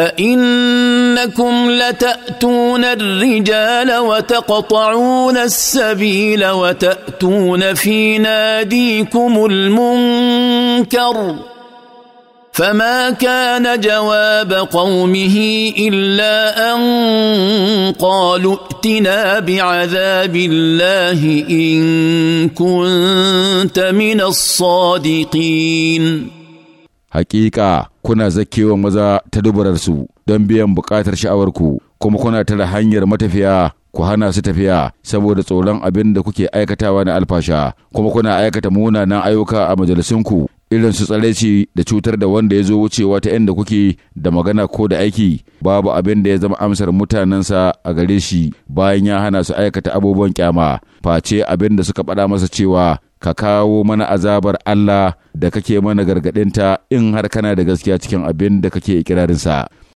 أئنكم لتأتون الرجال وتقطعون السبيل وتأتون في ناديكم المنكر فما كان جواب قومه إلا أن قالوا ائتنا بعذاب الله إن كنت من الصادقين Hakika kuna zakewa maza ta dubararsu don biyan bukatar sha'awarku, kuma kuna tara hanyar matafiya ku hana su tafiya saboda tsoron abin da kuke aikatawa na alfasha, kuma kuna aikata munanan ayyuka a majalisunku irin su tsareci da cutar da wanda ya zo wucewa ta inda kuke da magana ko da aiki babu abin da ya zama amsar mutanensa a gare shi bayan ya hana su aikata abubuwan kyama face abin da suka faɗa masa cewa ka kawo mana azabar Allah da kake mana gargaɗinta in har kana da gaskiya cikin abin da kake ikirarinsa.